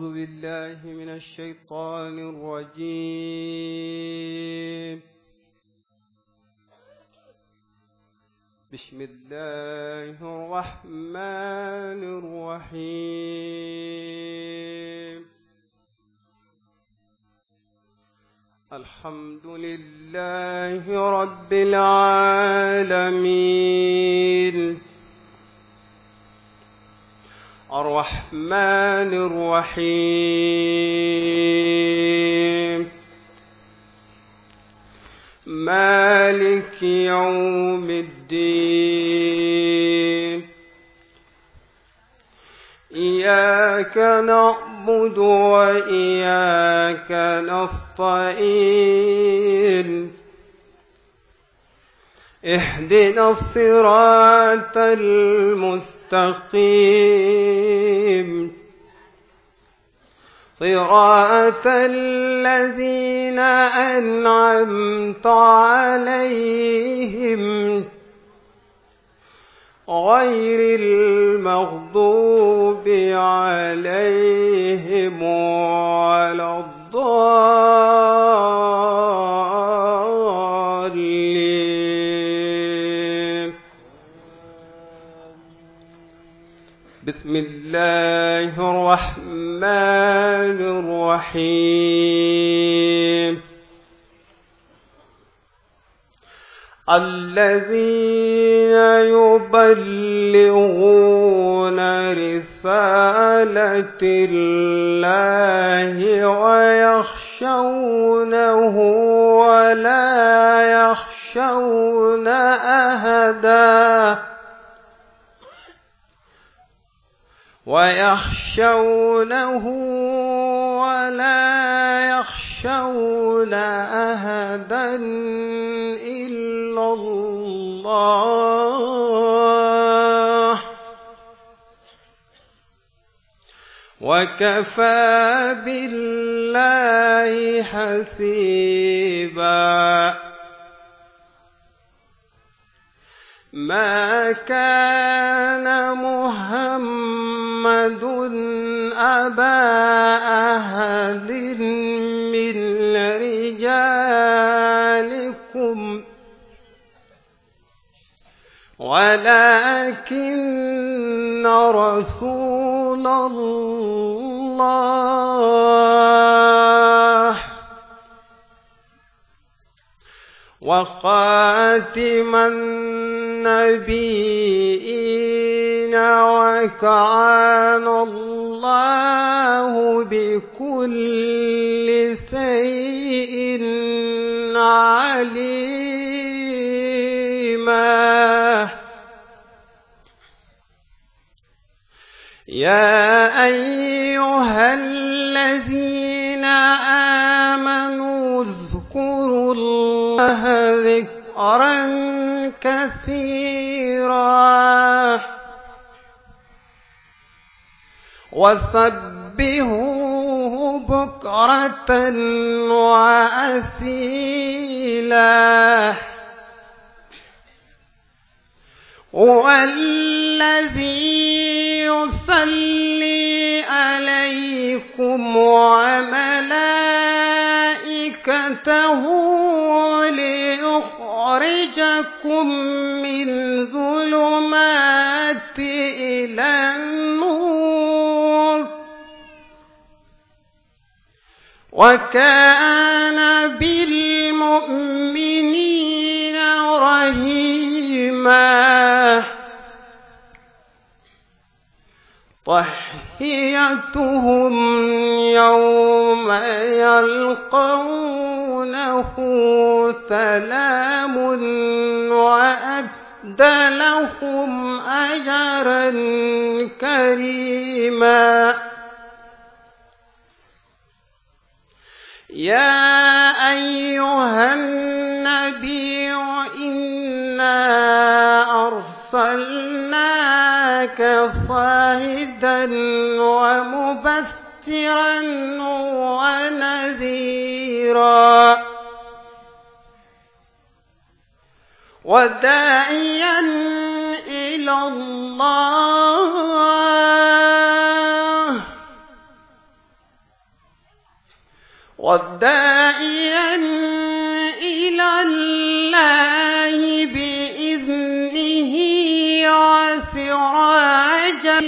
أعوذ بالله من الشيطان الرجيم بسم الله الرحمن الرحيم الحمد لله رب العالمين الرحمن الرحيم مالك يوم الدين إياك نعبد وإياك نستعين اهدنا الصراط المستقيم صراط الذين أنعمت عليهم غير المغضوب عليهم ولا الضالين بسم الله الرحمن الرحيم الذين يبلغون رسالة الله ويخشونه ولا يخشون أهداه ويخشونه ولا يخشون أهدا إلا الله وكفى بالله حسيبا ما كان محمد محمد أبا أحد من رجالكم ولكن رسول الله وخاتم النبيين وكان الله بكل شيء عليما يا أيها الذين آمنوا اذكروا الله ذكرا كثيرا وسبهوه بكرة وأسيلا هو الذي يصلي عليكم وملائكته ليخرجكم من ظلمات إلى النور وكان بالمؤمنين رهيما تحيتهم يوم يلقونه سلام وأد لهم أجرا كريما يا أيها النبي إنا أرسلناك صاهدا ومبشرا ونذيرا وداعيا إلى الله وداعيا إلى الله بإذنه وسراجا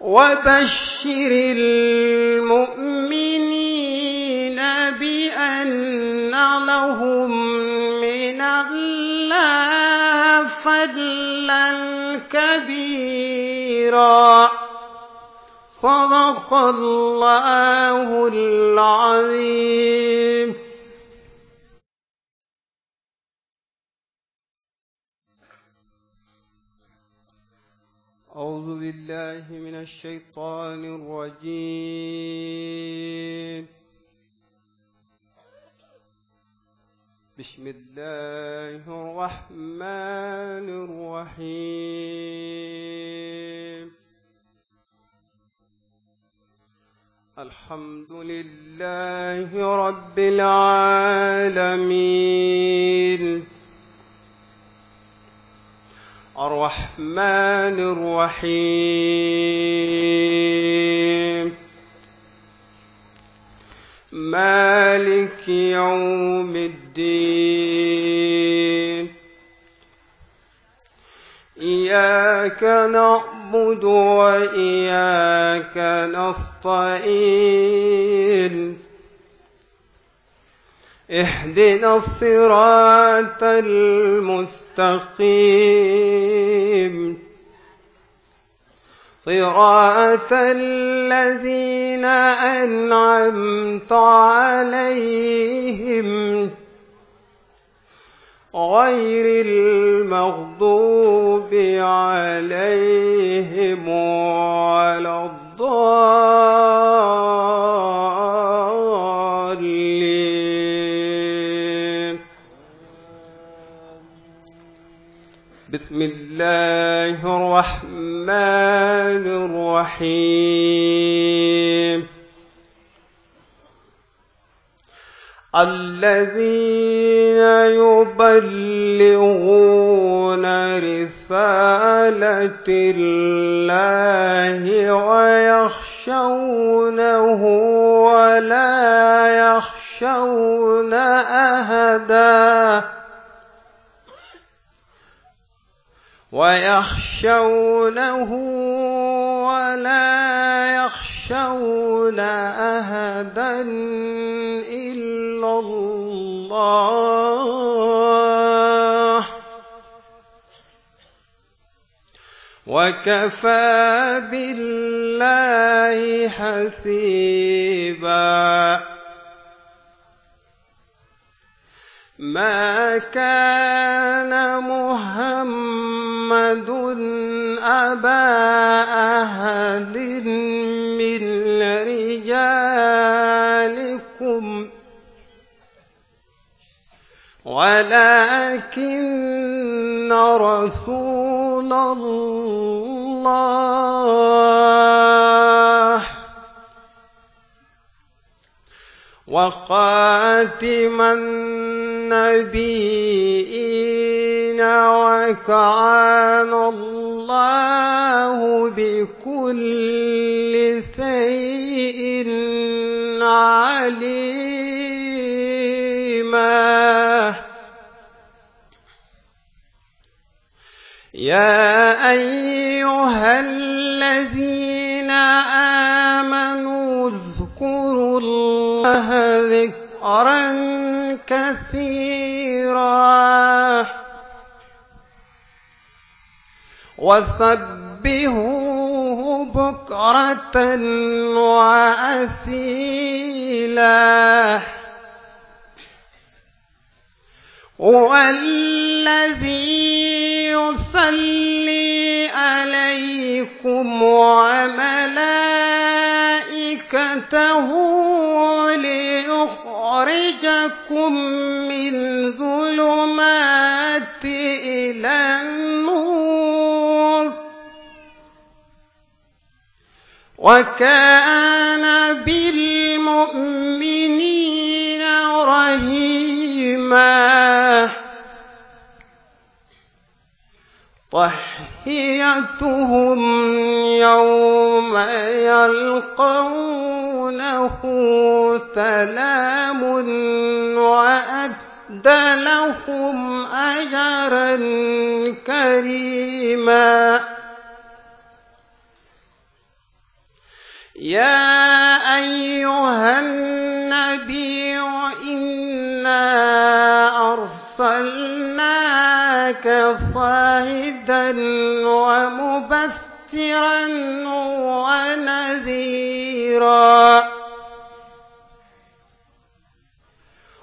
وبشر المؤمنين بأن لهم من الله فضلا كبيرا صدق الله العظيم أعوذ بالله من الشيطان الرجيم بسم الله الرحمن الرحيم الحمد لله رب العالمين الرحمن الرحيم مالك يوم الدين إياك نعبد نعبد وإياك نستعين اهدنا الصراط المستقيم صراط الذين أنعمت عليهم غير المغضوب عليهم ولا الضالين بسم الله الرحمن الرحيم الذين يبلغون رسالة الله ويخشونه ولا يخشون أهدا ويخشونه ولا يخشون أهدا إلا الله وكفى بالله حسيبا ما كان محمد أبا أحد من رجالكم ولكن رسول الله وخاتم النبيين وكان الله بكل شيء عليم كلماه يا أيها الذين آمنوا اذكروا الله ذكرا كثيرا وسبهوه بكرة وأسيلا هو الذي يصلي عليكم وملائكته ليخرجكم من ظلمات إلى النور وكان بالمؤمنين رحيماً تحيتهم يوم يلقونه سلام وأد لهم أجرا كريما يا أيها النبي إنا أرسلنا أرسلناك صاهدا ومبشرا ونذيرا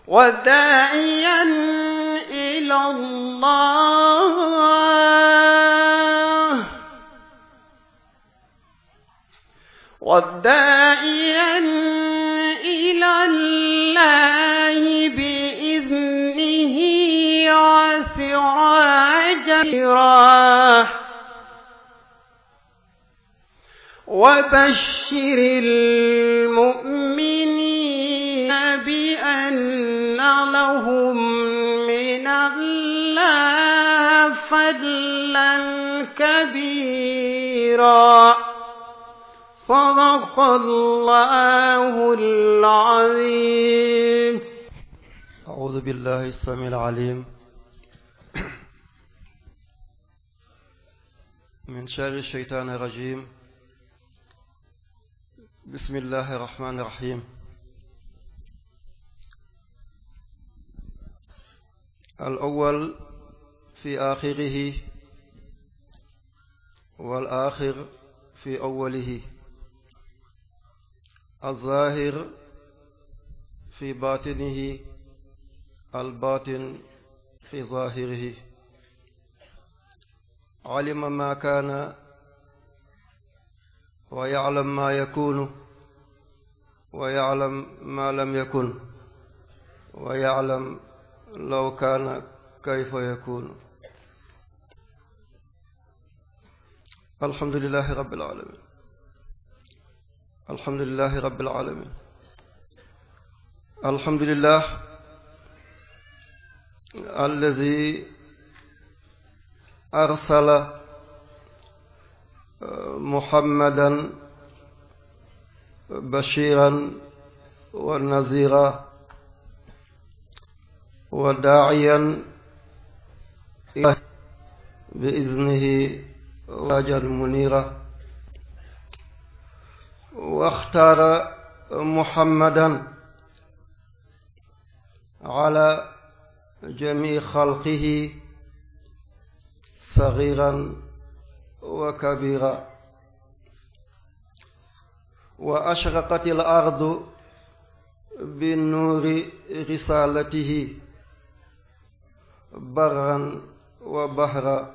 وداعيا إلى الله وداعيا إلى الله يسير سراجا وبشر المؤمنين بأن لهم من الله فضلا كبيرا صدق الله العظيم أعوذ بالله السميع العليم من شر الشيطان الرجيم بسم الله الرحمن الرحيم الأول في آخره والآخر في أوله الظاهر في باطنه albaatin fi zaahirihi alima ma kaana wa yaalam ma yakunu wa yaalam ma lam yakun wa yaalam law kaana kayfa yakunu alhamdulilahi rabbil alamin alhamdulilahi rabbil alamin allazi arsala muhammadan bashiran wa nazira wa daa'iyan bi iznihi rajan munira waxtaara muhammadan ala jamii xalqihi sagiran wa kabira wa ashraqat al ardu bi nuuri risalatihi barran wa bahra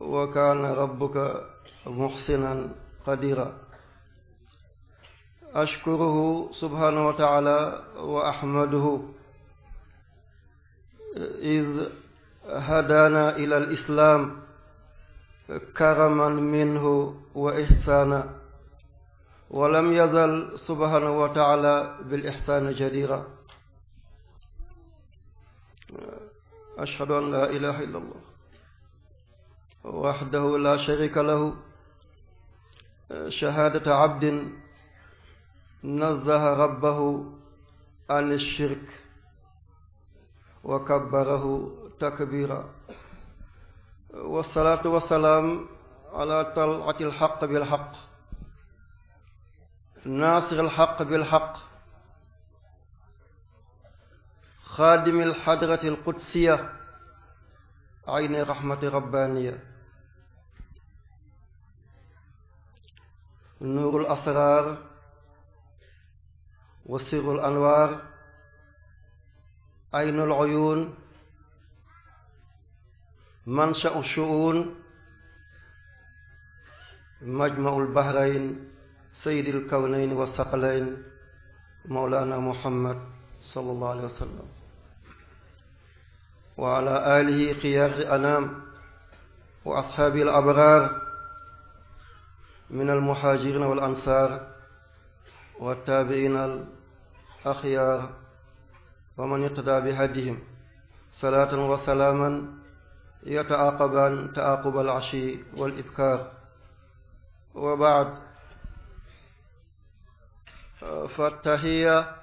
wa kaana rabbuka muhsinan qadira ashkuruhu subhaanahu wa taala wa ahmaduhu إذ هدانا إلى الإسلام كرما منه وإحسانا ولم يزل سبحانه وتعالى بالإحسان جديرا أشهد أن لا إله إلا الله وحده لا شريك له شهادة عبد نزه ربه عن الشرك wa kabbarahu takbira wasalaatu wasalaam ala talati alxaq bilxaq naasir alxaq bilxaq xaadimi alxadrati alqudsiya ayni raxmati rabbaaniya nuurul asraar wa sirrul anwaar aynul uyun mansha'u shu'un majma'ul bahrayn sayyidil kawnayn wa saqalayn mawlana muhammad sallallahu alayhi wa sallam wa ala alihi xiyaari anam wa ashaabi al abraar min al muhaajirina wal ansaar wa taabi'ina al axyaar wa man iqtadaa bi hadihim salaatan wa salaaman yataaqabaan taaqub al ashi wal ibkaar wa baad fa tahiya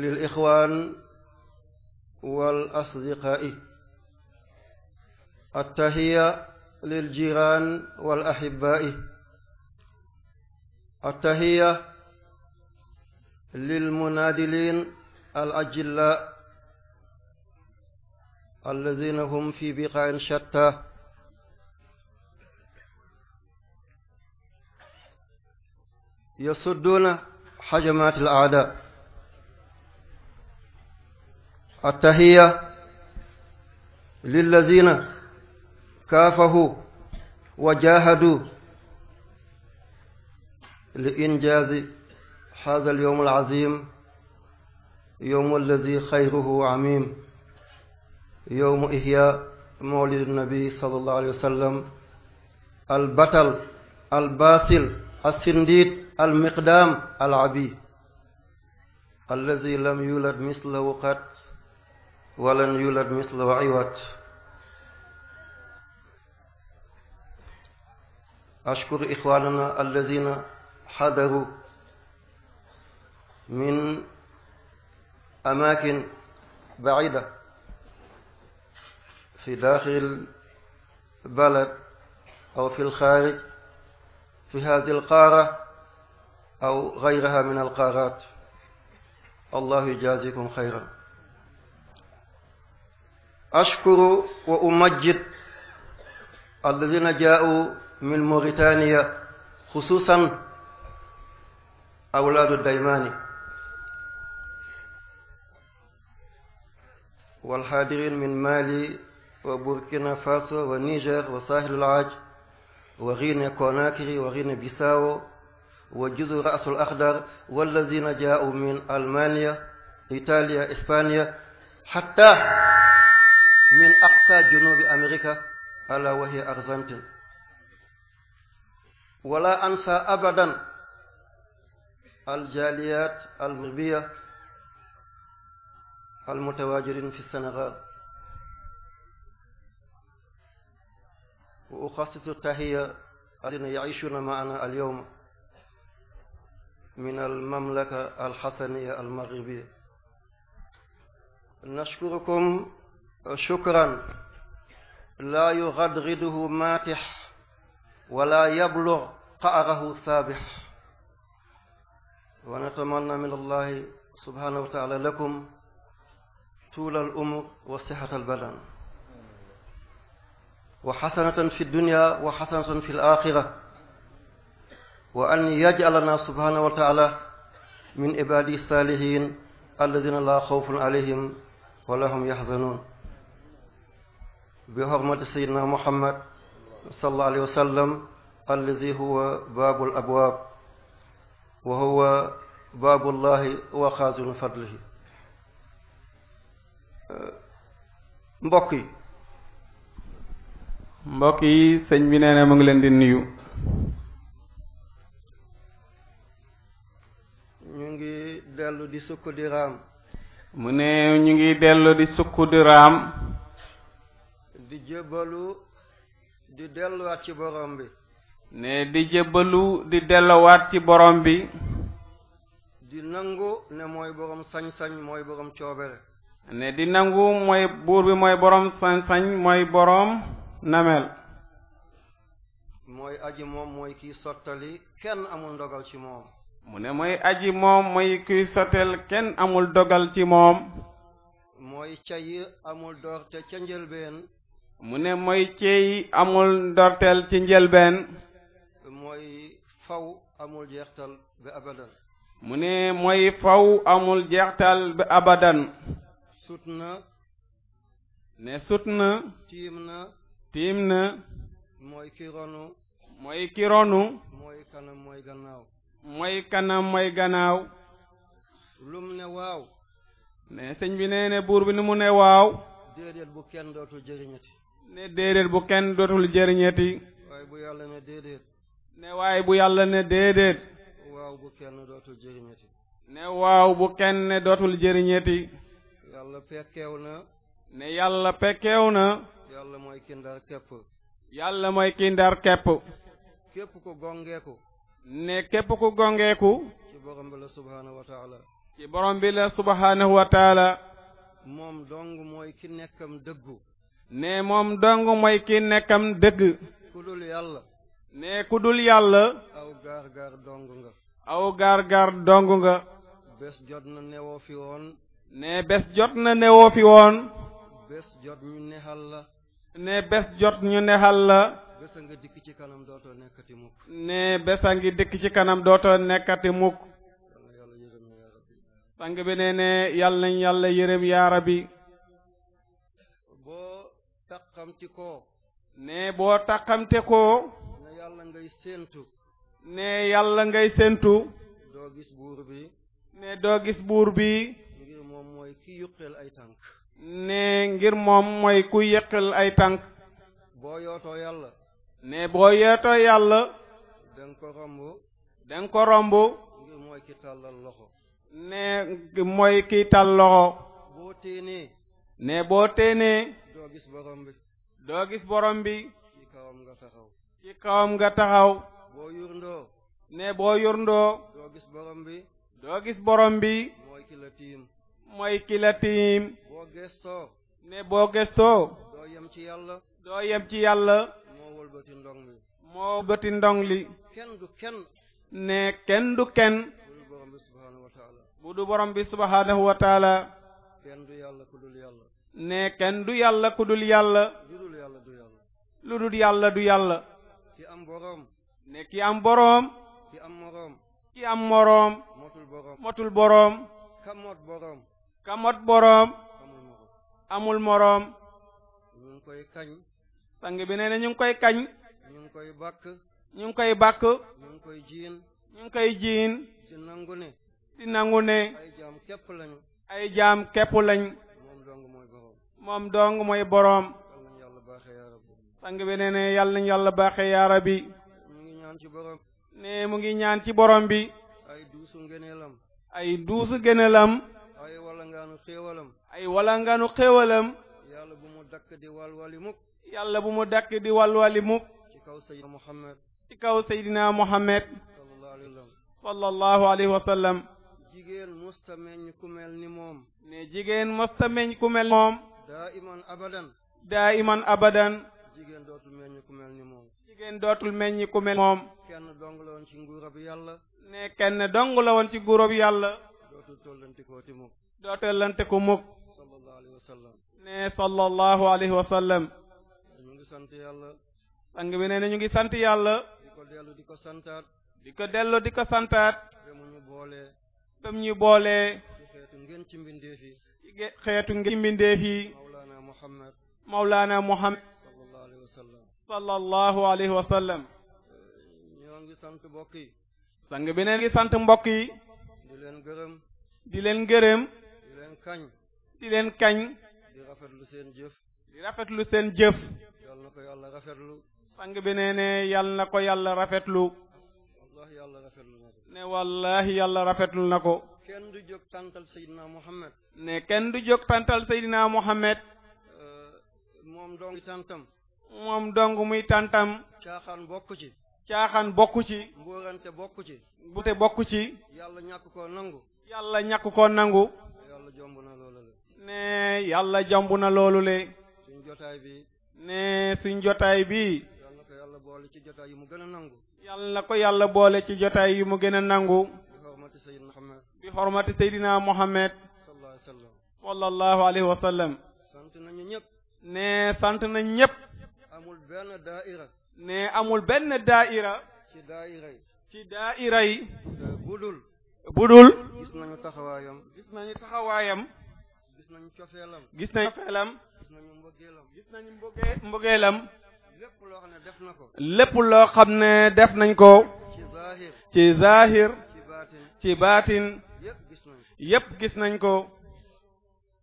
lil ixwaan wal asdiqaa'i attahiya lil jiraan wal ahibbaa'i attahiya lil munaadiliin الأجلاء الذين هم في بقاع شتى يصدون حجمات الأعداء التحية للذين كافحوا وجاهدوا لإنجاز هذا اليوم العظيم yowmu alladi xayruhu amim yowmu ihya mawlidu nabi sallallahu alayhi wa sallam albatal albaasil alsindiit almiqdaam alabi alladi lam yulad mislahu qat walan yulad mislahu iwat ashkuru ixwanana allazina xadaru min أماكن بعيدة في داخل البلد أو في الخارج في هذه القارة أو غيرها من القارات الله يجازيكم خيرا أشكر وأمجد الذين جاءوا من موريتانيا خصوصا أولاد الديماني والحاضرين من مالي وبوركينا فاسو ونيجر وساحل العاج وغينيا كوناكري وغينيا بيساو وجزر رأس الأخضر والذين جاءوا من ألمانيا إيطاليا إسبانيا حتى من أقصى جنوب أمريكا ألا وهي أرجنتين ولا أنسى أبدا الجاليات المغربية almutawaajirin fi Sénégal wa uxassisu tahiya alladina yaishuuna maana alyowma min almamlaka alxasaniya almaghribiya nashkurukum shukran laa yughadriduhu maatix wala yablugh qaarahu saabix wa natamanna min allahi subhanahu wa taala lakum tuulal umur wa sixatal badan wa xasanatan fi dunya wa xasanatan fi alaaxira wa an yajalana subhaanahu wa taala min ibaadi saalihiin alladina laa xawfun alayhim wala hum yaxzanuun bi xormati sayidna muhammad sallallahu alayhi wa sallam allazi huwa baabul abwaab wa huwa baabullahi wa xaazinu fadlihi mbokk yi mbokk yi sëñ bi nee mu ngi leen di nuyu ñu ngi dellu di sukk di raam mu ne ñu ngi dellu di sukk di raam di jébbalu di delluwaat ci borom bi ne di jébbalu di delluwaat ci borom bi di nangu ne mooy borom sañ-sañ mooy borom coobere ne di nangu mooy buur bi mooy boroom sañ mooy boroom namel mooy aji moom mooy kiy sottali kenn amul dogal ci moom mu ne mooy aji moom mooy kenn amul dogal ci moom mooy cayi amul dorte ca njëlbeen mu ne mooy ceey amul ndorteel ci njëlbeen mooy faw amul jeextal ba abadan mu ne mooy faw amul jeextal ba abadan sut na ne sut na tiim na tiim na mooy ki ronu mooy ki kanam mooy gannaaw mooy kanam moy gannaaw lum ne waaw ne sëñ bi nee buur bi ni mu ne waaw déedéet bu kenn dootul jëriñati ne déedéet bu kenn dootul jëriñati bu yàlla ne déedéet ne waaye bu yàlla ne déedéet waaw bu kenn dootul jëriñati ne waaw bu kenn dootul jëriñati yàlla pekkeew na. ne yàlla pekkeew na. yàlla mooy ki ndar mooy ki ndar kepp. képp képp ku gongeeku. ci borom bi la subhaanahu wa taala. ci moom dong mooy ki nekkam dëggu. ne moom dong mooy ki nekkam dëgg. ku dul yàlla. ne ku dul yàlla. aw gar gaar dong nga. aw gaar gaar dong nga. bés jot na newoo fi woon. ne bés jot na newoo fi woon. bés jot ñu nexal la. ne bés jot ñu neexal la. bés a ci kanam dootoo nekkati mukk. ne bés a ngi dikk ci kanam dootoo nekkati mukk. sang bi nee ne yàlla nañ yàlla yéreem yaara bi boo taqamti ne boo taqamte ko. yàlla ngay séentu. ne yàlla ngay séentu. doo doo gis buur bi. moom mooy ki yuqeel ay tànk ne ngir moom mooy ku yëqal ay tànk boo yootoo yàlla ne boo yootoo yàlla danga ko romb danga ko romb ngir mooy loxo ne mooy ki tàll loxo boo téenee ne boo téenee doo gis borom bi doo gis borom bi ci kawam nga taxaw ci kawam nga bi doo mooy ki la tiim. ne boo gëstoo. doo yem ci yàlla. doo yem ci yàlla. moo wëlbati ndong li. moo wëlbati ndong li. kenn du kenn. ne kenn du kenn. bu du borom bi subhaanahu wa taala. kenn du yàlla ku dul yàlla. ne kenn du yàlla ku dul yàlla. lu dul yàlla du yàlla. ki am boroom. ne ki am boroom. ki am moroom. ki am moroom. motul boroom motul mot boroom. kamot boroom amul moroom ñu koy kañ sang bi nee na ñu ngi koy kañ ñu ngi koy bakk ñu ngi koy bàkk ñu ngi koy jiin ñu ngi koy jiin di nangu ne di nangu ay jaam képp lañu ay jaam képp lañ moom dong mooy boroom moom dong mooy boroom sang bi nee na yàlla nañu yàlla baaxee yaa rabbi mu ngi ñaan ci ne mu ngi ñaan ci boroom bi ay duusu ngëneelam ay duusu ngëneelam ay walangaanu xéewalam ay walangaanu xéewalam yàlla bu mu dakk di walwali mukk yàlla bu mu dakk di walwali mukk ci kaw Seydina Muhammad ci kaw Seydina Muhammad sallallahu alayhi wa sallam jigéen mosta meññ ku ni moom ne jigéen mosta meññ ku mel moom daa iman abadan daa iman abadan jigéen dootul meññ ku ni moom jigéen dootul meññ moom kenn dong la woon ci nguurab yàlla ne kenn dong la woon ci nguurab yàlla dootul tollante ko ti mukk doo tollante ko mukk sallallahu alayhi wa sallam ne sallallahu ñu ngi sant yàlla sang bi ñu ngi sant yàlla di ko dellu di santaat di ko dellu di ko santaat ba ñu boole ba ñu boolee ci xeetu ngeen ci mbindeef yi xeetu ngeen ci mbindeef yi mawlaana muhammad mawlaana muhammad sallallahu alayhi wa sallam ngi sant mbokk yi sang ngi sant mbokk di leen gërëm. di leen kañ. di leen kañ. di rafetlu seen jëf. di rafetlu seen jëf. yal rafetlu. sang bi nee yal na ko yàlla rafetlu. wallahi yàlla rafetlu na ne wallahi yàlla rafetlu na ko. kenn du jóg tantal Seydina Mohamed. ne kenn du jóg tantal Seydina Mohamed. Euh, moom dong tantam. moom dong muy tàntam caaxaan bokk ci. caaxaan bokk ci. mbuurante bokk ci. mbute bokk ci. yàlla ñàkk ko nangu. yàlla ñàkk ko nangu. ne yàlla jomb na loolu le. suñ jotaay bi. ne suñ jotaay bi. yàlla na ko yàlla boole ci jotaay yi mu gën a nangu. yàlla na ko yàlla boole ci jotaay yu mu gën a nangu. bi xormati Seydina Mohamed. bi xormati Seydina Mohamed. sallallahu alayhi wa sallam. sant nañu ñëpp. ne sant nañ ñëpp. amul benn daaira. ne amul benn daaira. ci daaira yi. ci daaira yi. bu dul gis nañu taxawaayam gis nañu taxawaayam gis nañu cofeelam gis nañu cofeelam gis nañu mbëggeelam gis nañu mbëggee mbëggeelam lépp loo xam ne def na ko lépp loo xam ne def nañ ko ci zahir ci zahir ci baatin ci baatin yépp gis nañ yépp gis nañ ko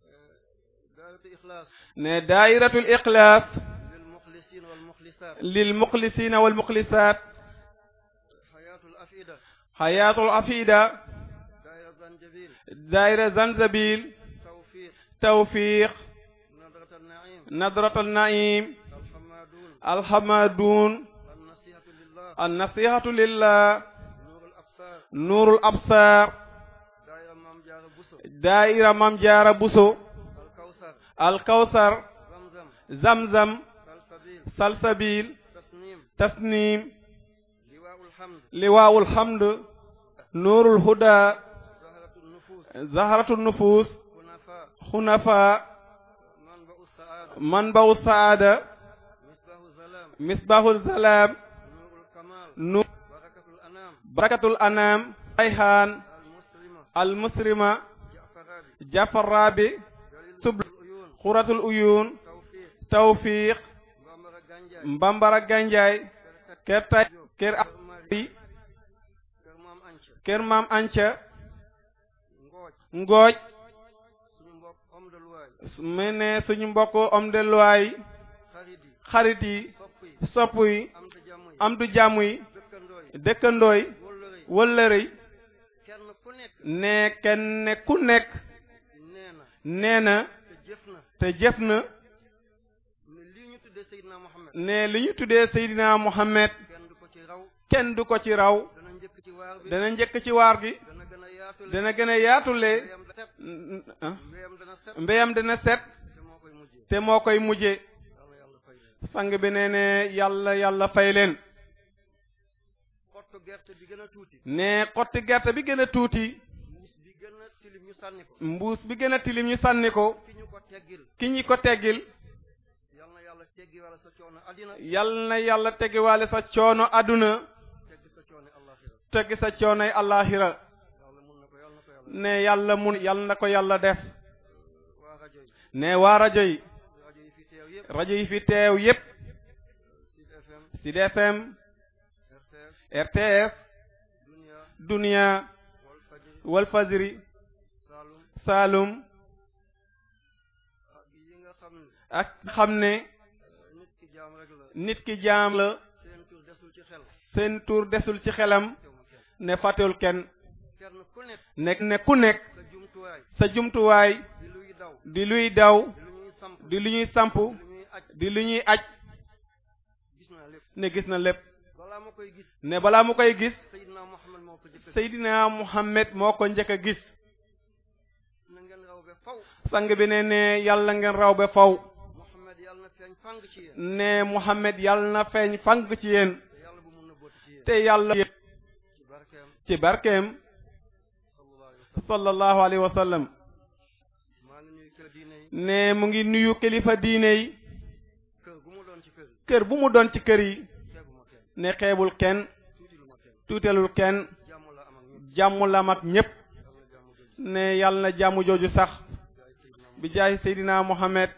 eh, ne daayiratul ixlaas lil muxlisiina wal muxlisaat xayaatul afida daayira Zanzabil tawfiq nadratul naim alhamadun annasihatu lillah nuurul absar daayira Mam Jaara Buso alkawsar zamzam salsabil tasnim liwaawul hamd nuurul huda zaharatu nufuus xunafa manbau saada misbahu zalaam nu barakatul anaam rayhaan almuslima jafaraabi sub xuratul uyuun tawfiq mbambara ganjaay ker tay ker a kër maam anca ngooj mu ne suñu mbokk homme de loi yi xarit yi sopp yi am du jàmm yi dëkkandoo yi wëllëre yi ne kenn ku nekk nee na te jëf na ne li ñu tuddee Seydina Mohamed kenn du ko ci raw dana njëkk ci waar gi dana gën a yaatule mbéyam dana set te moo koy mujje sang bi nee ne yàlla yàlla fay leen ne xotti gerte bi gën a tuuti mbuus bi gën a tilim ñu sànni ko ki ñi ko teggil yal na yàlla teggiwaale sa coono àdduna teggi sa coonoy àllaaxira ne yàlla mun yàlla na ko yàlla def ne waa rajo yi yi fi teew yépp Sud FM RTS Dunia Walfajri Saalum ak xam ne nit ki jaam la seen tur desul ci xelam ne fàttewul kenn nekk ne ku nekk sa jumtuwaay di luy daw di lu ñuy samp di lu ñuy aj ne gis na lépp ne balaa mu koy gis Seydina Muhammad moo ko njëkk a gis sang bi ne ne yàlla ngeen raw ba faw ne Muhammad yàlla na feeñ fang ci yéen te yàlla ci barkeem sallallahu ne mu ngi nuyu kilifa diine yi kër bu mu doon ci kër yi ne xeebul kenn tuutelul kenn jàmm la ñépp ne yàlla jàmm jooju sax bi jaay seydina Muhammad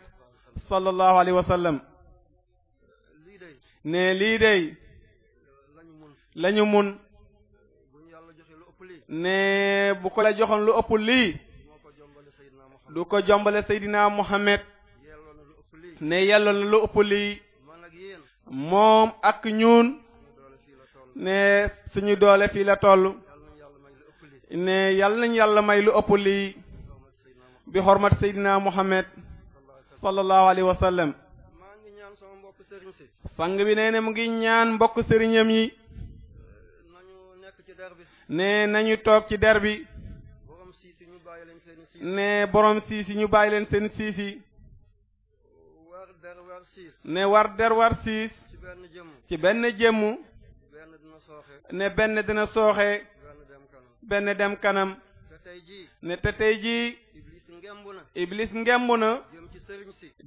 sallallahu alayhi wa ne lii dey lañu mun ne bu ko la joxoon lu ëpp lii du ko jombale Seydina Muhammad ne yàlla na lu ëpp lii moom ak ñun ne suñu doole fii la toll ne yàlla nañ yàlla may lu ëpp lii bi xormat Seydina Muhammad sallallahu alayhi wa sallam bi nee mu ngi ñaan mbokk sëriñam yi ne nañu toog ci der bi ne borom siisi ñu bàyyi leen seen siisi ne war der war siis ci benn jëmm ne benn dina sooxe benn dem kanam ne te tey jii iblis ngemb na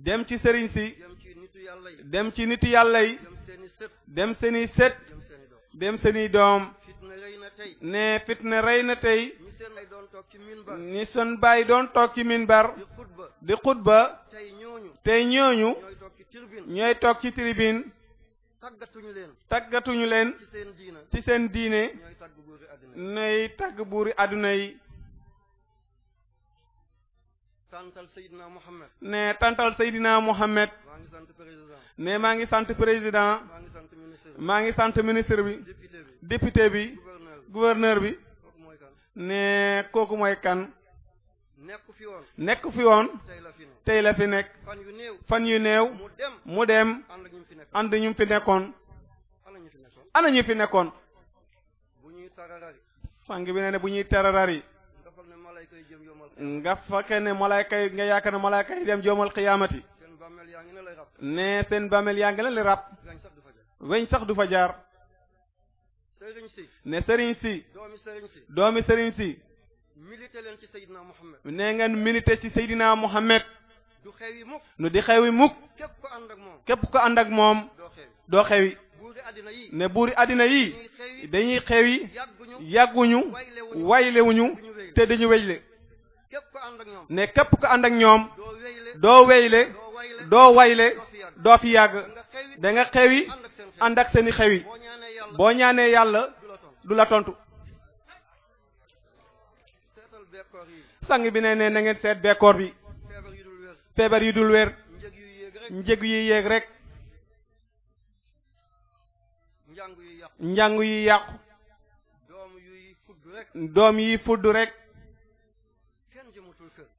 dem ci sëriñ si dem ci nitu yàlla yi dem seeni sët dem seeni doom ne fitna rey na tey ni sun baay doon toog ci minbar di xutba tey ñooñu ñooy toog ci tribune taggatuñu leen taggatuñu leen ci seen diine nay tagg buur buuri àdduna yi ne tantal Seydina Mohamed ne maa ngi sant président maa ngi sant ministre bi bi gouverneur bi ne kooku mooy kan nekk fi woon nekk fi woon tey la fi nekk fan yu neew mu dem ànd ñu fi nekkoon ana ñu fi nekkoon sang bi nee ne bu ñuy tararari nga fekke ne malaayka yi nga yaakaar ne malaayka yi dem joomal xiyaamati ne seen bàmmeel yaa ngi leen li rab weñ sax du fa jaar sëriñ si ne sëriñ si. doomi sëriñ si. doomi sëriñ si. milité leen ci Seydina Mohamed. nee ngeen milité ci Seydina Mohamed. du xewi mukk. nu di xewi mukk. képp ko ànd ak moom. képp ko ànd ak moom. doo xewi. ne i àddina yi dañuy xewi yàgguñu waylewuñu te dañu weyle ne képp ko ànd ak ñoom doo weyle doo wayle doo fi yàgg da nga xewi ànd ak seeni xewi boo ñaanee yàlla du la tontu sang bi ne ne na seet bekkoor bi feebar yi dul weer njëg yi yéeg rek njàng yi yàqu doom yi fudd rek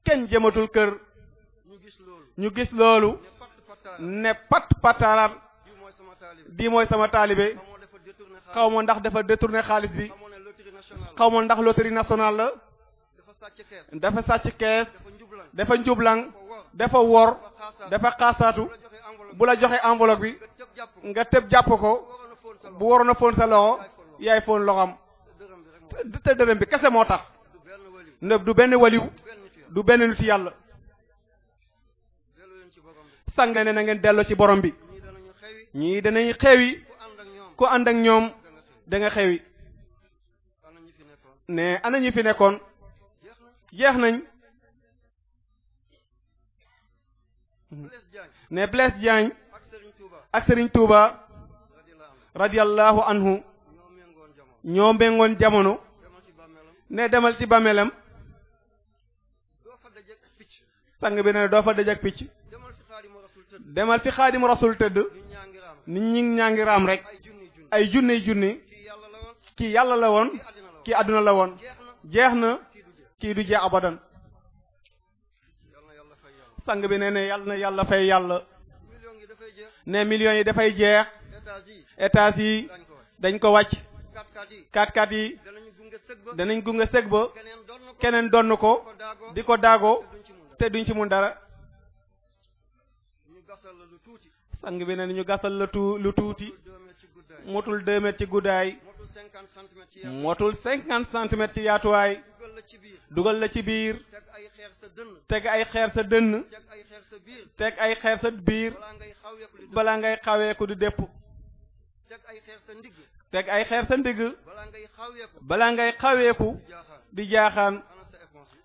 kenn jëmatul kër ñu gis loolu ne pat patarar di mooy sama taalibe xaw ma ndax dafa détourné xaalis bi xaw ma ndax loterie nationale la dafa sàcc kees dafa njublang dafa wor dafa xaasaatu bu la joxe enveloppe bi nga tëb jàpp ko bu waroon a fóon sa loxo yaay fóon loxam te dërëm bi kese moo tax ndëb du benn waliw du benn nit yàlla sang ne na ngeen delloo ci borom bi ñii danañ xewi ku ànd ak ñoom danga nga xewi ne ana ñu fi nekkoon jeex nañ ne Blaise Diagne ak sëriñ Touba radiyallahu anhu ñoo mengoon jamono ne demal ci bàmmeelam sang bi ne doo fa dajak picc demal fi xaadim rasul tëdd nit ñi ñaa ngi raam rek ay junni junni kii yàlla la woon kii àdduna la woon jeex na kii du jeex abadan sang bi nee na yàlla na yàlla fay yàlla ne million yi dafay jeex états yi dañ ko wàcc kat kat yi danañ gunge sëg ba keneen donn ko di ko daago te duñ ci mun dara sang bi nee na ñu gasal la tu lu tuuti motul deux mètres ci guddaay motul cinquante centimètres ci yaatuwaay dugal la ci biir teg ay xeer sa dënn teg ay xeer sa biir balaa ngay xaweeku di dépp teg ay xeer sa ndigg balaa ngay xaweeku di jaaxaan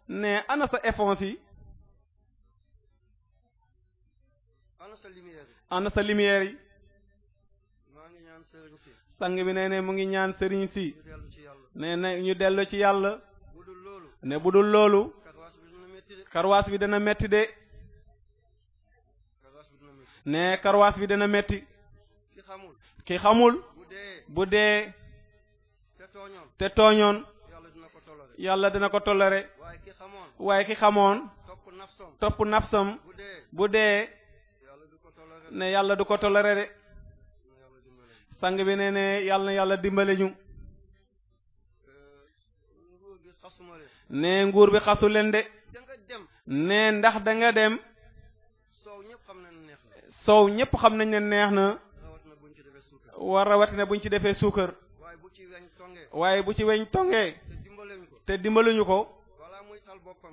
ne ana sa éponse lumière yi sang bi nee ne mu ngi ñaan sëriñ si nee na ñu dellu ci yàlla ne bu dul loolu karwaas bi dana metti de ne karwaas bi dana metti ki xamul bu dee te tooñoon yàlla dina ko toléré waaye ki xamoon topp nafsam bu dee ne yàlla du ko toléré de sang bi nee yàlla na yàlla dimbale ñu ne nguur bi xasu leen de ne ndax danga dem soow ñëpp xam nañ ne neex na war a watina buñ ci defee suukar waaye bu ci weñ tongee te dimbaluñu ko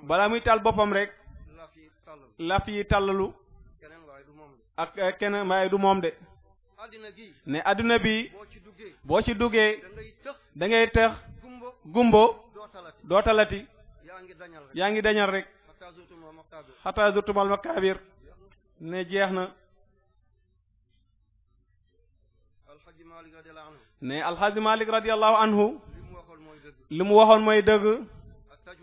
balaa muy tal boppam rek laf yi tàllalu ak eh, keneen waaye du moom de ne adduna bi boo ci duggee da ngay tëx gumbo doo talati yaa ngi dañal rek xataa zurtumal makaabir ne jeex na ne alxaji malik radiyallahu anhu li mu waxoon mooy dëgg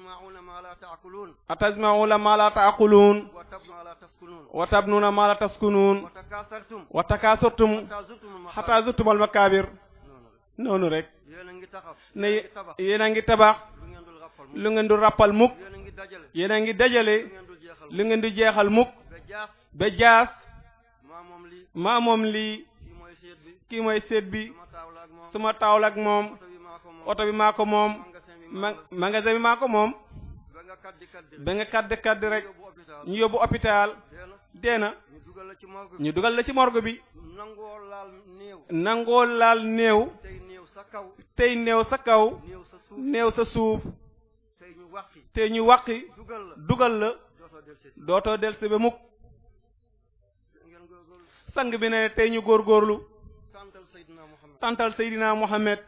أتجمعون ما لا تعقلون أتجمعون ما لا تعقلون وتبنون ما لا تسكنون وتكاثرتم وتكاثرتم حتى زرتم المكابر noonu rek ne yéen a ngi tabax lu ngeen du rappal mukk yéen a ngi dajale lu ngeen du jeexal mukk ba jaas maa moom lii kii mooy seet bi suma taawul ak moom oto bi maa ko moom ma magasin bi maa ko moom ba nga kàdd kàdd rek ñu yóbbu hôpital dee na ñu dugal la ci morgue bi nangoo laal néew tey néew sa kaw néew sa suuf tey ñu wàqi dugal la dootoo del si ba mukk sang bi ne tey ñu góor góorgóorlu tantal Seydina Muhammad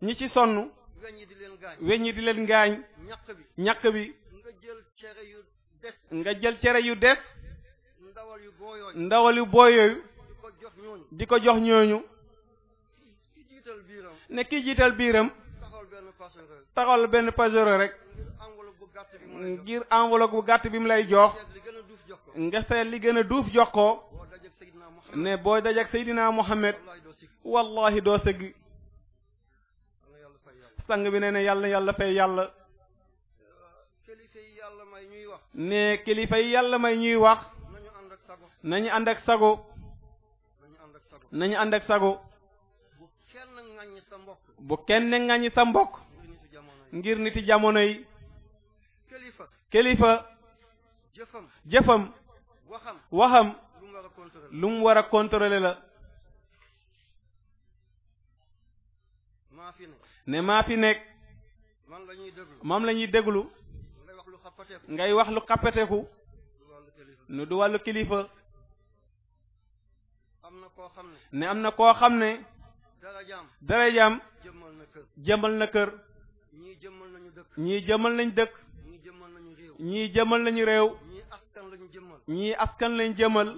ñi ci sonn weñ yi di leen gaañ weñ di leen gaañ. ñaq bi ñaq bi. nga jël cere yu des. nga jël cere yu des. ndawal yu boo yooyu. di ko jox ñooñu. di ko jox jiital biiram. ne ki jiital biiram. taxawal benn pasero rek. taxawal benn pasero rek. ngir enveloppe bu gàtt bi mu lay jox. nga li gën a duuf jox ko. ne boo dajeek Seydina Mohamed. wallahi doo sëgg. sang bi nee na yàlla yàlla fay yàlla ne kilifa yi yàlla may ñuy wax nañu ànd ak sago nañu ànd ak sago bu kenn ŋaññi sa mbokk ngir niti jamono yi kilifa jëfam waxam lu mu war a contrôler la ne ma fi nekk moom la ñuy déglu moom la ñuy déglu ngay wax lu xappateeku nu du wàllu kilifa am na koo xam ne am na koo xam ne darajaam darajaam jëmmal na kër na kër ñii jëmmal nañu dëkk ñii jëmmal nañu dëkk ñii jëmmal nañu réew ñii nañu réew ñii askan lañu jëmmal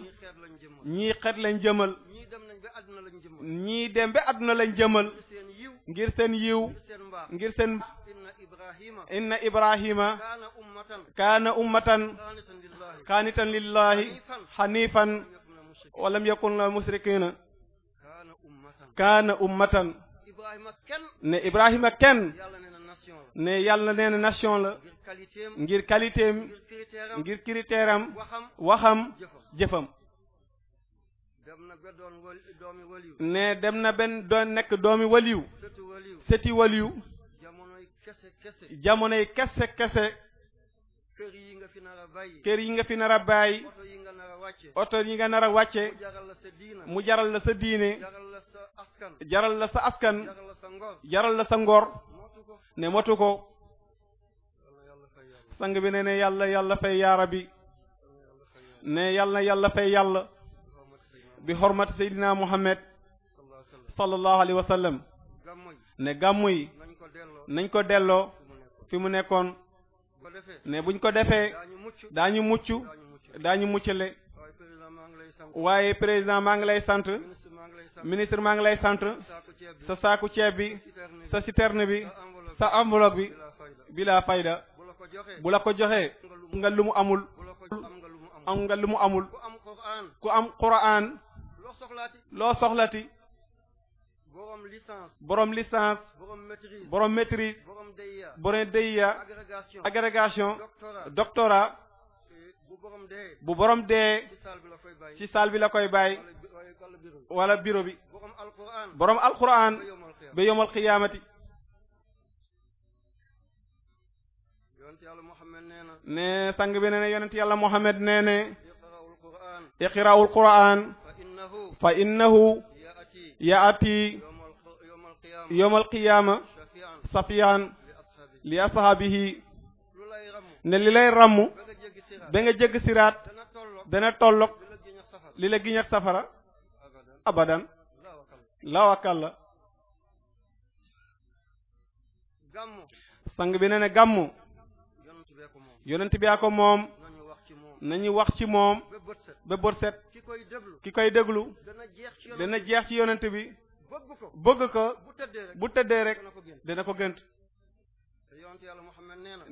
ñii xeet lañ jëmmal ñii dem ba àdduna lañ jëmal ngir seen yiw ngir seen inna ibrahima kaana ummatan qaanitan lillahi xanifan walam la musrikina kaana ummatan ne ibrahima kenn ne yàlla nee na la ngir qualité ngir critère waxam jëfam ne dem na benn doon nekk doomi waliw sëti waliw jamonoy kese kese kër yi nga fi nar a bàyyi yi nga fi nar a bàyyi oto yi nga nar a wàcce mu jaral la sa diine jaral la sa askan jaral la sa ngor ne motu ko sang bi ne ne yàlla yàlla fay yaara bi ne yàlla yàlla fay yàlla bi xormat seydina muhammad sallallahu alayhi wa sallam ne gàmmu yi nañ ko delloo fi mu nekkoon ne buñ ko defee daañu mucc daañu muccale waaye président maa ngi lay sant ministre maa ngi lay sant sa saaku ceeb bi sa citerne bi sa enveloppe bi bila fayda bu la ko joxee nga lu mu amul am nga lu mu amul ku am Qur'an soxlaati. loo soxlaati. borom licence. borom licence. borom maîtrise. borom maîtrise. borom DEA. borom DEA. agrégation agrégation. bu borom dee. ci saal bi la koy bàyyi. bi la koy bàyyi. wala bureau bi. borom alquran. borom alquran. ba yomal xiyaamati. yonent sang bi nee na yàlla Muhammad nee na. quran. فإنه يأتي يوم القيامة سفيان لأصحابه ne li lay ràmm ba nga jégg siraat dana tolloog li la giñax safara abadan lawakal la sang bi ne ne gàmmu yonent bi ko moom nañu wax ci moom ba bët set ki koy déglu dana jeex ci yonent bi bëgg ko bu tëddee rek dana ko gënt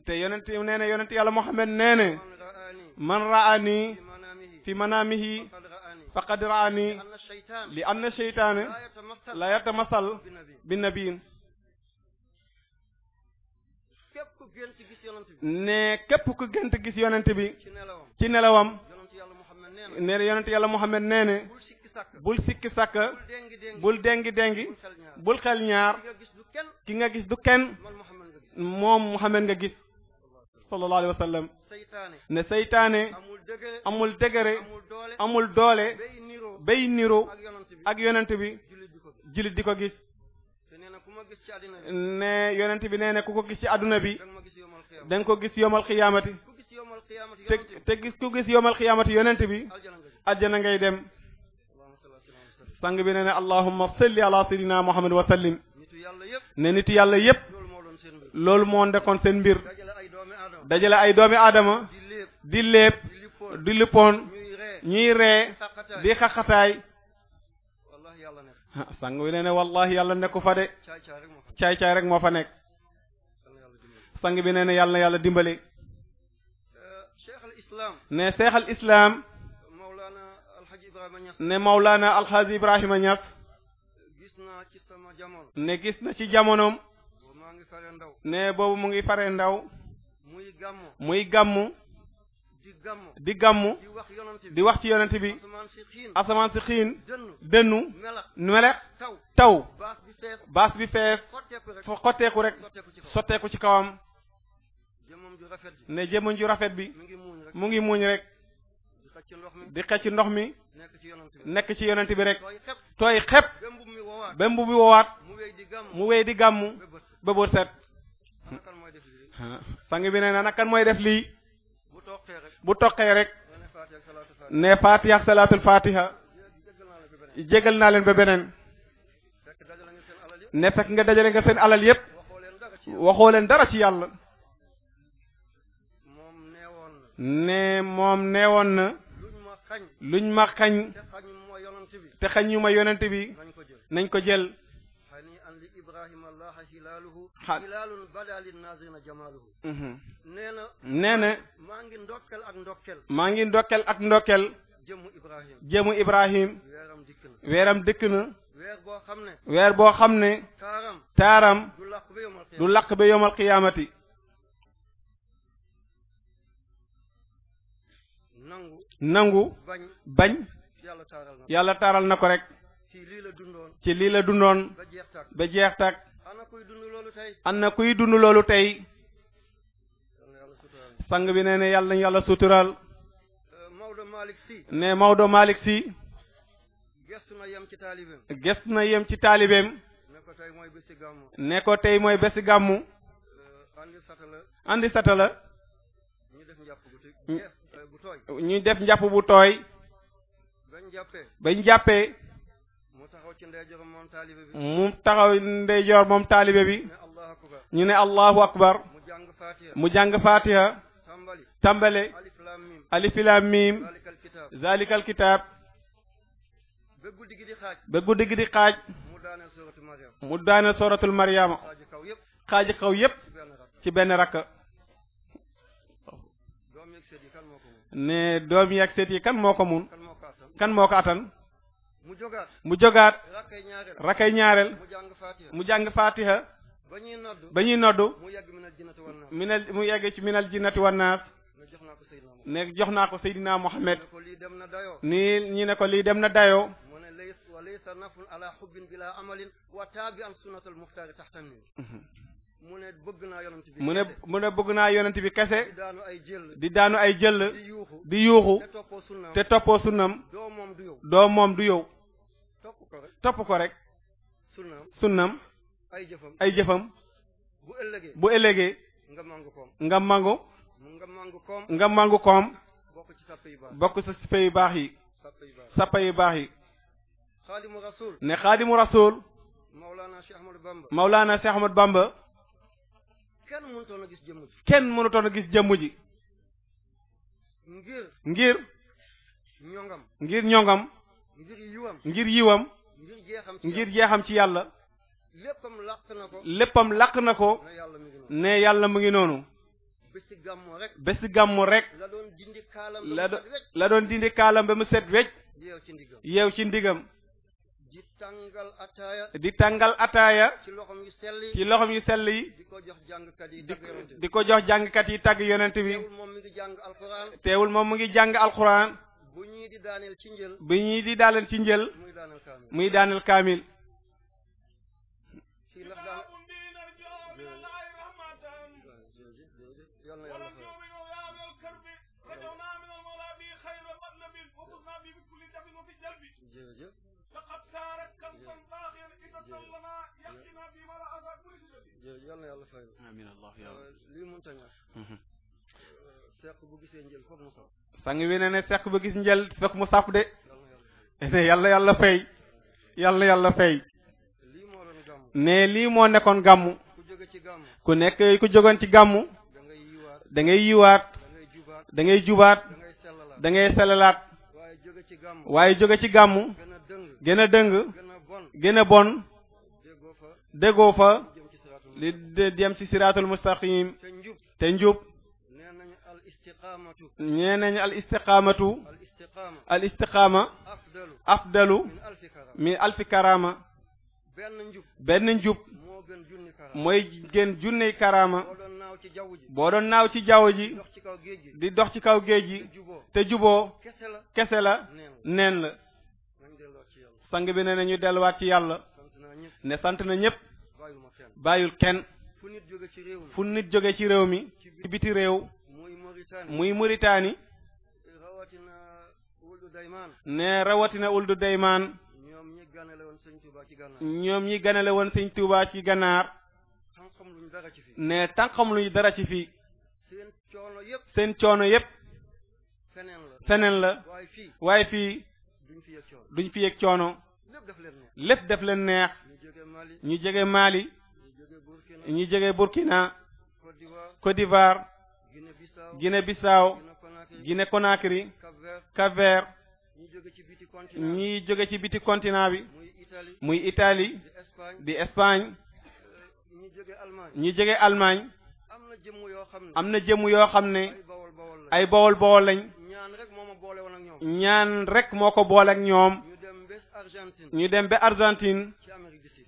te yonent nee na yonent yàlla Muhammad nee na man raani fi manaamihi faqad raani li anna sheytaane la yatamasal bi nabiin ne képp ku gënt gis yonent bi ci nelawam ne na yonent yàlla Muhammad nee ne bul sikki sàkka bul dengi dengi bul xel ñaar ki nga gis du kenn moom Muhammad nga gis sallallahu alayhi wa sallam ne seytaane amul dëgëre amul doole bay niro ak yonent bi jullit di ko gis ne yonent bi nee ne ku ko gis ci àdduna bi danga ko gis yomal xiyaamati te te gis ku gis yowmal qiyaamati yonent bi aljana ngay dem sang bi nee na allahumma salli ala sayyidina muhammad wa sallim ne nitu yàlla yépp loolu moo ndekkoon seen mbir dajale ay doomi aadama di lépp di lippoon ñuy ree di xaqataay sang bi nee na wallahi yàlla nekku fa de caay caay rek moo fa nekk sang bi nee na yàlla yàlla dimbali ne seex al islaam ne Mawlana Alxaaji Ibrahima Niass ne gis na ci jamonoom ne boobu mu ngi fare ndaw muy gàmmu di gàmmu di wax ci yonent bi asamaan si xiin dënnu melex taw baas bi fees fa xotteeku rek sotteeku ci kawam ne jëmm ju rafet bi mu ngi muuñ rek di ci ndox mi nekk ci yonent bi rek tooy xepp ba mbubb bi woowaat mu wéy di gàmm ba bët set sang ngi beneen na nag kan mooy def lii bu toqee rek ne fatiha ak salaatul fatiha jégal naa leen ba beneen ne fekk nga dajale nga seen alal yépp waxoo leen dara ci yàlla ne moom nee woon na luñ ma xañ te xañ yu ma yonent bi nañ ko jël xaal mhm. nee na maa ngi ndokkel ak ndokkel maa ngi ndokkel ak ndokkel jëmu Ibrahim weeram dikk na weer boo xam ne taaram du laq ba yomal qiyaamati nangu bañ yàlla taaral na ko rek ci lii la dundoon ba jeex tàkk am na kuy dund loolu tey sang bi nee ne yàlla nañu yàlla suturaal euh, ne Maodo malik si gest na yem ci taalibeem gest na yem ci taalibeem ne ko tey mooy bési gàmmu euh, andi satala andi satala ñu def njàpp ñu def njàpp bu tooy bañ jàppee mu taxaw ci ndeyjoor moom taalibe bi mu taxaw ndeyjoor moom taalibe bi ñu ne allahu akbar mu jàng fatiha tàmbale alif lam mim zalikal kitaab ba guddi gi di xaaj ba guddi gi di xaaj mu daaneel suratul maryama xaaji kaw yépp ci benn rakka ne doom yi ak seet yi kan moo ko mun kan moo ko atan mu jogaat mu jogaat rakay ñaareel mu jàng faatiha ba ñuy noddu minal mu yegg ci minal jinnati wannaas ne jox naa ko Seydina Mohamed ni ñi ne ko lii dem na dayo dayoo wa laysa nafun ala hubbin bila amalin wa tabi'an sunnatal muxtaari taxtamin mu ne bëgg naa yonent bi bëgg naa yonent bi kese di daanu ay jël di daanu ay jël di yuuxu te toppoo sunnam doo moom du yow topp ko rek sunnam ay jëfam ay jëfam bu ëllëgee nga mangu koom nga mangu nga mangu koom nga mangu bokk ci sappe yu baax yi sappe baax yi xaadimu rasul ne xaadimu rasul Mawlana Cheikh Ahmad Bamba kenn mënutoon a gis jëmm ji kenn mënutoon a gis jëmm ji ngir ngir ñongam ngir ñongam ngir yiwam ngir yiwam jeexam ci yàlla léppam làq na ko léppam làq na ko ne yàlla mu ngi noonu bési gàmmu rek la doon dindi kaalam doon dindi kaalam ba mu set wecc yeew ci ndigam ci ndigam di tàngal ataaya. di tàngal ataaya. ci loxom yu sell yi ci loxom yu sell yi. di ko jox jàngkat yi tagg di ko jox jàngkat yi tagg yonent bi. teewul moom mi ngi jàng alquran. teewul moom mu ngi jàng alquran. bu ñii di daaneel ci njël. bu ñii di daaneel ci njël. muy daaneel kaamil. jërëjëf yal na yàlla fayal. amiin a ñàkk. Mhm. Euh, seq gisee njël foog mu ne ne seq gis njël foog mu saf de. ne yàlla eh, yàlla fay. yàlla yàlla fay. ne lii moo nekkoon gàmmu. ku nekk ku jógoon ci gàmmu. da ngay yiwaat. da ngay jubaat. da ngay sellalaat. waaye jóge ci gàmmu. gën a dëng. gën a bon. déggoo fa li dem ci siraatul mustaqim te njub nee nañu al istiqaamatu al istiqaama afdalu min alfi karaama benn njub mooy gën junney karaama boo doon naaw ci jaww ji di dox ci kaw géej gi te juboo kese la nen la sang bi ne nañu delluwaat ci yàlla ne sant na ñëpp bàyyul kenn fu nit jóge ci réew mi ci biti réew muy Mauritanie ne rawatina uldu daymaan ñoom ñi ganale woon sëñ Tuuba ci ganaar ne tànqam luñu dara ci fii seen coono yépp seneen la waaye fii duñ fi yëg coono lépp def leen neex ñu jege Mali ñu jege Burkina Côte d'Ivoire Guinée Bissau Guinée Conakry Cap-Vert ñi jóge ci biti continent bi muy Italie di Espagne ñi euh, jóge Allemagne am na jëmm yoo xam ne ay bawol bawol lañ ñaan rek moo ko boole ak ñoom ñu dem ba Argentine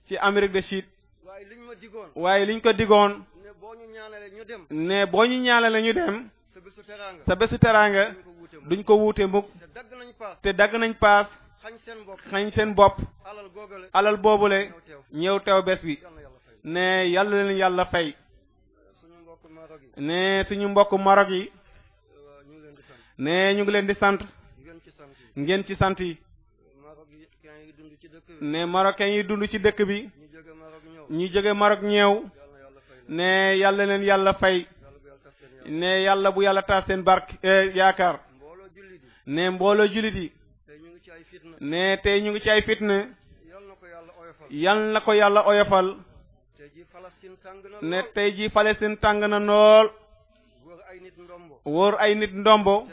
ci Amérique de Chine waaye liñ ma digoon waaye liñ ko digoon ne boo ñu ñaanale ñu dem ne boo ñu ñaanale ñu dem sa bésu teraanga sa bésu teraanga duñ ko wuute mukk te dagg nañ paas te dagg nañ paas xañ seen bopp xañ seen bopp alal googale alal boobule ñëw teew bees bi ne yàlla leen yàlla fay ne suñu mbokk Maroc yi ne ñu ngi leen di sant ngeen ci sant yi ne marocain yi dund ci dëkk bi ñi jóge Maroc ñëw ne yàlla leen yàlla fay ne yàlla bu yàlla taas seen barke eh, yaakaar ne mbooloo jullit yi ne tey ñu ngi ci ay fitna yal na ko yàlla oyofal ne tey ji Palestine tàng na lool wóor ay nit ndombo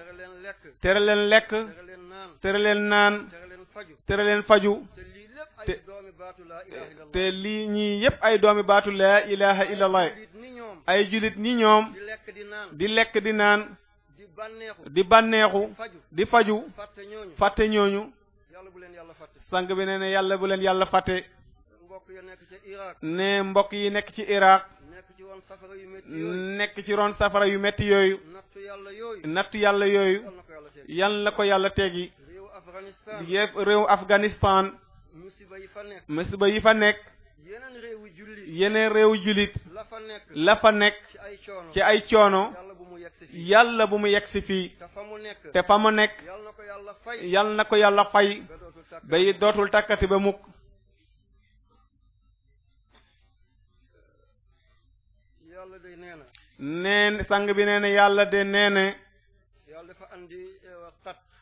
tere leen lekk tere leen naan tere leen faju te te lii ñii yépp ay doomi baatu laa ilaha illallah ay julit ni ñoom di lekk di naan di bànneexu di faju fàtte ñooñu sang bi nee na yàlla bu leen yàlla fàtte ne mbokk yi nekk ci iraq nekk ci ron safara yu metti yooyu nattu yàlla yooyu yan ko yàlla teggi Afghanistan di yëf réew Afghanistan musiba yi fa nekk musiba yi fa nekk yeneen réewu jullit yeneen réewu fa nekk nekk ci ay coono yàlla bu mu yegsi fii te fa mu nekk yàlla na ko yàlla fay bay dootul takkati ba mukk neen sang bi nee yàlla de nee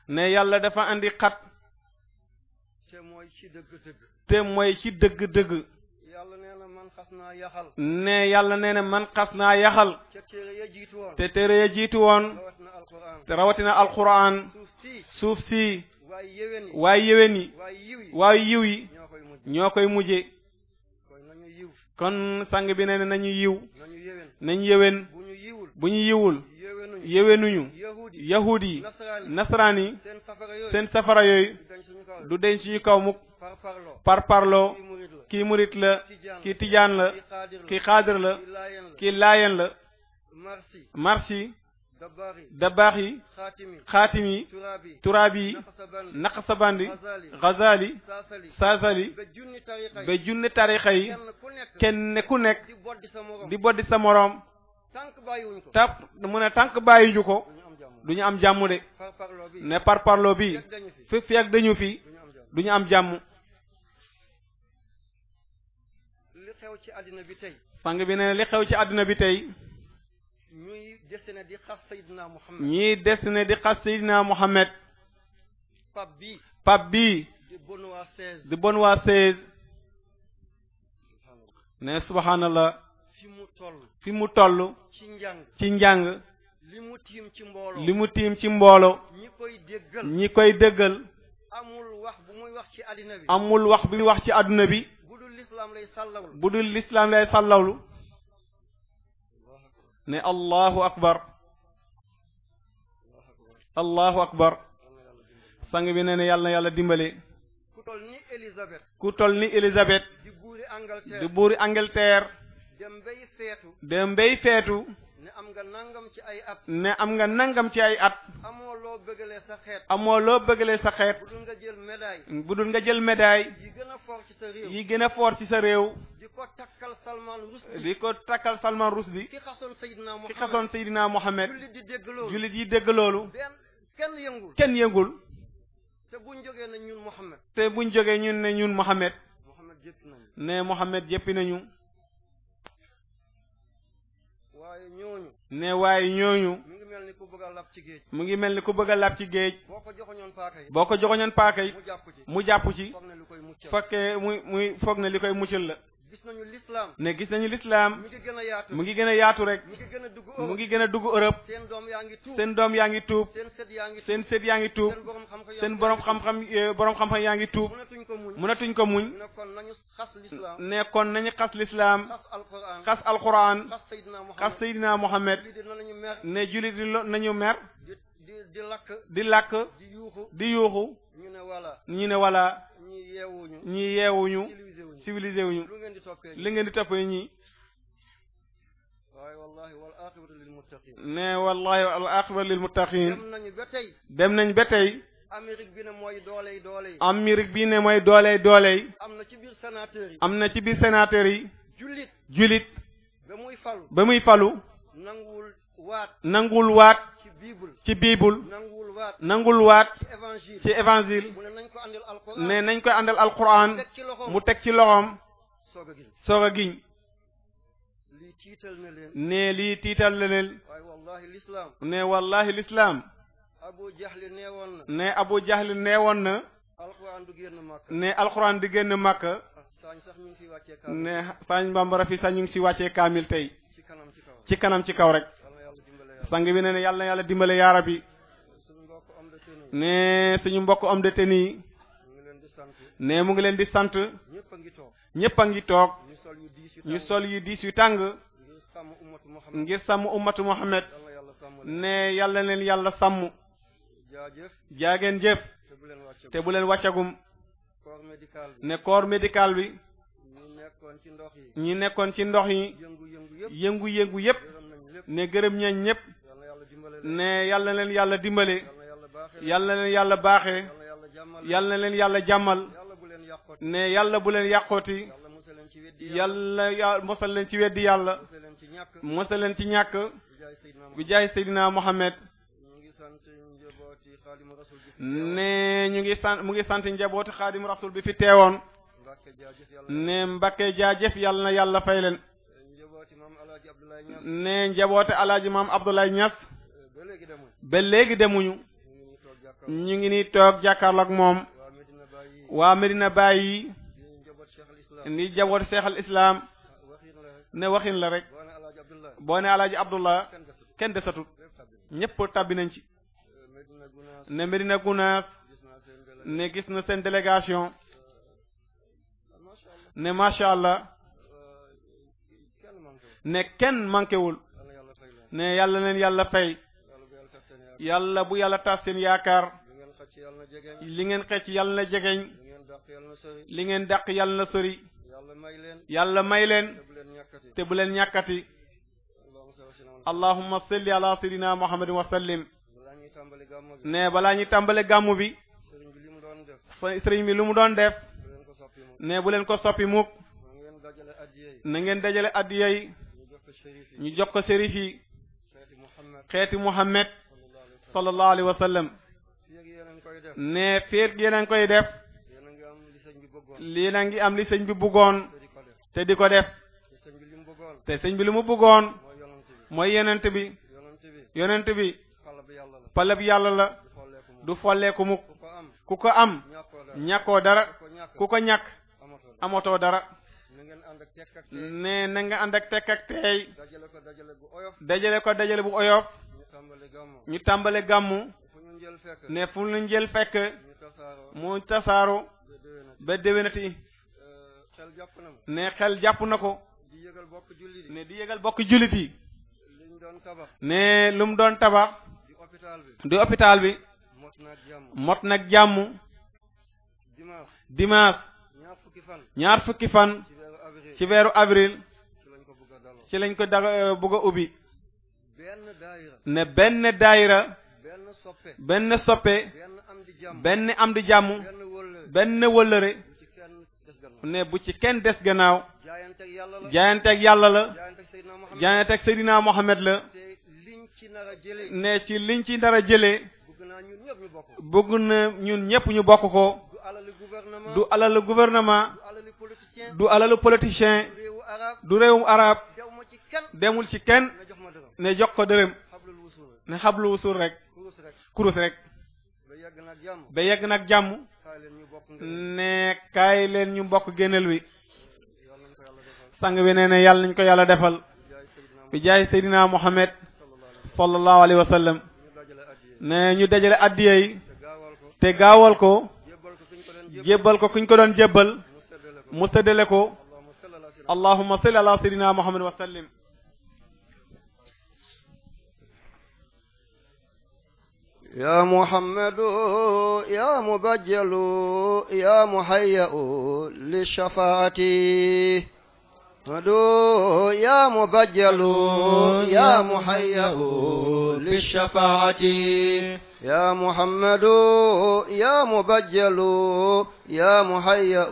ne yàlla dafa indi xat te mooy ci dëgg-dëgg mooy ci dëgg-dëgg yàlla nee man xas naa yaxal ne yàlla nee na man xas naa yaxal te téere ya jiitu woon te téere rawatina alquran suuf si waaye yéwén yi waaye yiw yi ñoo koy mujje kon sang bi nee na nañu yiw nañu yéwén bu ñu yiwul yéwénuñu yahuud yi nasaraan yi seen safara yooyu du deñ suñu kaw mukk par parloo kii murit la kii tijaan la kii xaadir la kii laayen la marsi dabaax yi xaatim yi turaab yi naqasabandi gazali saasali ba junni tarixa yi kenn ku nekk di boddi sa moroom tap mu ne tànk bàyyiñu ko du ñu am jàmm de ne par parlo bi fi fi dañu fi du ñu am jàmm ci àddina bi tey sang bi ne li xew ci àddina bi tey ñuy destiné di xas Seydina di xas Seydina Muhammad pap bi di Benoît XVI ne subhanallah fi toll fi mu toll ci njàng ci njàng li mu tiim ci mbooloo li ci mbooloo ñi koy déggal ñi koy déggal amul wax bu muy wax ci àddina bi amul wax bu muy wax ci àdduna bi bu dul lislaam lay sàllawlu ne allahu akbar allahu akbar sang bi nee yàlla yàlla dimbali ku toll ni Élisabeth di buuri Angleterre dem bay feetu. dem bay feetu. ne am nga nangam ci ay at. ne am nga nangam ci ay at. amoo loo bëggalee sa xeet. amoo loo bëggalee sa xeet. budul nga jël médaille. budul nga jël médaille. yi gën a fort ci sa réew. yi gën a fort ci sa réew. di ko takkal Salman Rushdie. di ko takkal Salman Rushdie. ki xasoon Seydina Mohamed. ki xasoon Seydina Mohamed. jullit yi dégg loolu. jullit yi dégg loolu. kenn yëngul. kenn yëngul. te buñ jógee ne ñun Mohamed. te buñ jógee ñun ne ñun Mohamed. ne Mohamed jëppi nañu. ne waaye ñooñu. mu ngi mel ni ku bëgg a ci géej. mu ngi mel ni ku bëgg a lab ci géej. boo ko joxoñoon paaka yi. boo ko joxoñoon paaka yi mu jàpp ci. foog ne lu koy muccal foog muy li koy muccal la. gis nañu l'islam ne gis nañu l'islam mu ngi gën a yaatu mu ngi gën yaatu rek mu ngi gën a dugg mu ngi gën dugg Europe seen doom yaa ngi tuub seen doom yaa ngi tuub seen sët yaa ngi seen sët yaa ngi tuub seen borom xam-xam eh, borom xam-xam yaa ngi tuub mënatuñ ko muñ ne kon nañu xas l'islam ne kon nañu xas l'islam xas alquran xas Seydina Mohamed ne jullit di nañu mer di lakk di yuuxu di yuuxu ñu ne wala ñii yeewuñu ñii yeewuñu civilisé wuñu li ngeen di toppee ñii ne wallahi wal aqibatu lil muttaqin dem nañ ba tey dem nañ ba tey Amérique bi ne mooy dooley dooley Amérique bi ne mooy dooley dooley am na ci biir sénateur yi am na ci biir sénateur yi julit julit ba muy falu ba muy falu nanguwul waat ci biibul nangul waat ci évangile ne nañ koy àndal alquran mu teg ci loxoom soog a giñ ne lii tiital na leen ne wallahi lislaam ne abu jaxli neewoon na ne alquran di génn màkka ne saañ bambara fi sax ñu ngi ci wàccee kaamil tey ci kanam ci kaw rek sang bi ne ne yàlla na yàlla dimbale yaarab yi ne suñu mbokk homme de tenue yi ne mu ngi leen di sant ñëpp a ngi toog ñu sol yi diis yu tàng ngir sàmm ummatu Muhammad ne yàlla leen yàlla sàmm jaageen jëf te bu leen wàccagum ne corps médical bi ñi nekkoon ci ndox yi yëngu-yëngu yépp ne gërëm ñañ ñépp ne yal na leen yàlla dimbale yal na leen yàlla baaxee yal na leen yàlla jàmmal ne yàlla bu leen yàqooti yàlla yàlla mosal leen ci weddi yàlla mosal leen ci ñàkk bi jaay Seydina Mohamed ne ñu ngi sant mu ngi sant njabooti xaadim rasul bi fi teewoon ne Mbacke jaajëf yàlla na yàlla fay leen ne njaboote alaaji maam Abdoulaye Niass eh, ba léegi demuñu ñu ngi ni toog jàkkaarloog moom waa Medina Baay yi ni jaboot seexal islaam ah, ne waxin la rek boo ne alaaji Abdullah kenn desatut ñépp tàbbi nañ ci eh, ne Medina Gunaas ne gis na seen délégation eh, ne macha allah ne kenn manquéwul ne yàlla leen yàlla fay yàlla bu yàlla tas seen yaakaar li ngeen xecc yàlla na jegeñ li ngeen dàq yàlla na sori yàlla may leen te bu leen ñàkkati allahumma salli ala sayyidina muhammadin wa sallim ne balaa ñuy tàmbale gàmmu bi sëriñ bi li mu doon def ne bu leen ko soppi mukk na ngeen dajale addiya yi ñu jox ko sérif yi xeeti Muhammad sallallahu alayhi wa sallam ne féet yéen a ngi koy def lii na ngi am li sëñ bi bëggoon te di ko def te sëñ bi li mu bëggoon mooy yonent bi yonent bi pale bi yàlla la du folleeku mukk ku ko am ñàkkoo dara ku ko ñàkk amatoo dara ne na nga ànd ak tekk dajale ko dajale bu dajale ko dajale bu oyof ñu tàmbale gàmmu ne fu ñu jël fekk mu tasaaru ba déwénati euh, ne xel jàpp na ko ne di yëgal bokk jullit yi ne lu mu doon tabax di hôpital bi mot nag jàmm dimanche ñaar fukki fan ci weeru avril ci lañ ko da bëgg euh, a ubbi ne benn daayira benn soppe benn am di jàmm benn wëllëre ne bu ci kenn des gannaaw jaayanteeg yàlla la jaayanteeg Seydina Mohamed la ne ci liñ ci nar a jëlee bëgg na ñun ñëpp ñu bokk ko du alalu gouvernement du alalu politicien du réewum arab demul ci kenn ne jox ko dërëm ne xablu wusul rek kurus rek ba yegg nag jàmm ne kaay leen ñu mbokk génneel wi sang bi nee ne yàlla nañ ko yàlla defal bi jaay seydina Muhammad sallallahu alayhi wa sallam ne ñu dajale addiya yi te gaawal ko jébbal ko kuñ ko doon jébbal mu séddale ko allahumma salli ala sayyidina muhammad wa sallim يا محمد يا مبجل يا مهيئ للشفاعة ادعو يا مبجل يا محيأ للشفاعة يا محمد يا مبجل يا مهيأ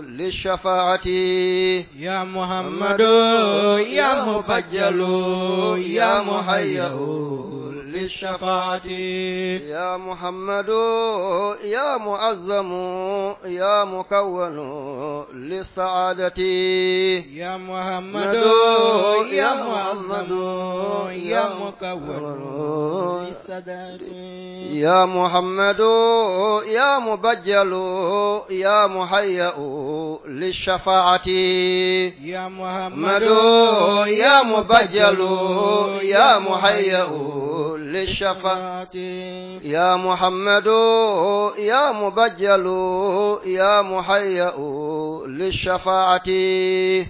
للشفاعة يا محمد يا مبجل يا مهيأ للشفاعة يا محمد يا معظم يا مكون للسعادة يا محمد يا معظم يا مكون للسعادة يا محمد يا مبجل يا مهيأ للشفاعة يا محمد يا مبجل يا مهيأ كل الشفاعة يا محمد يا مبجل يا محيأ للشفاعة